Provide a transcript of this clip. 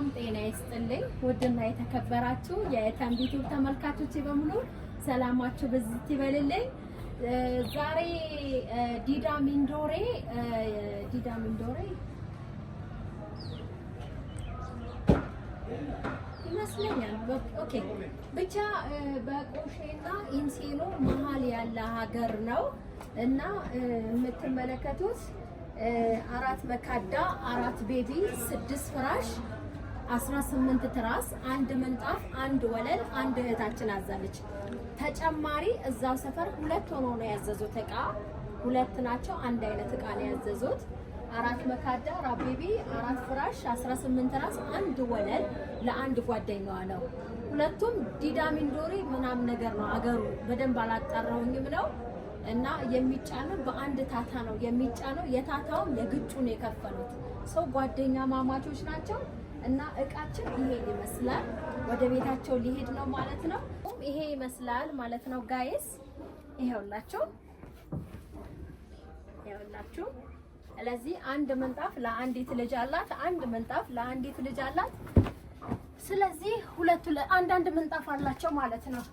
ሰላም ጤና ይስጥልኝ። ውድና የተከበራችሁ የትንቢት ተመልካቾች በሙሉ ሰላማችሁ በዚህ ይበልልኝ። ዛሬ ዲዳ ሚንዶሬ ዲዳ ሚንዶሬ ይመስለኛል። ኦኬ ብቻ በቆሼና ኢንሴኖ መሀል ያለ ሀገር ነው እና የምትመለከቱት አራት መካዳ፣ አራት ቤቢ፣ ስድስት ፍራሽ 18 ትራስ፣ አንድ ምንጣፍ፣ አንድ ወለል አንድ እህታችን አዛለች። ተጨማሪ እዛው ሰፈር ሁለት ሆኖ ነው ያዘዙት እቃ ሁለት ናቸው። አንድ አይነት እቃ ነው ያዘዙት። አራት መካዳ፣ አራት ቤቢ፣ አራት ፍራሽ፣ 18 ራስ፣ አንድ ወለል ለአንድ ጓደኛዋ ነው። ሁለቱም ዲዳ ሚንዶሪ ምናምን ነገር ነው። አገሩ በደንብ አላጣራሁኝም ነው እና የሚጫነው በአንድ ታታ ነው የሚጫነው። የታታውም የግጩ ነው የከፈሉት። ሰው ጓደኛ ማማቾች ናቸው። እና እቃችን ይሄን ይመስላል። ወደ ቤታቸው ሊሄድ ነው ማለት ነው። ይሄ ይመስላል ማለት ነው ጋይስ። ይሄውላችሁ ይሄውላችሁ። ስለዚህ አንድ ምንጣፍ ለአንዲት ልጅ አላት፣ አንድ ምንጣፍ ለአንዲት ልጅ አላት። ስለዚህ ሁለቱ አንዳንድ ምንጣፍ አላቸው ማለት ነው።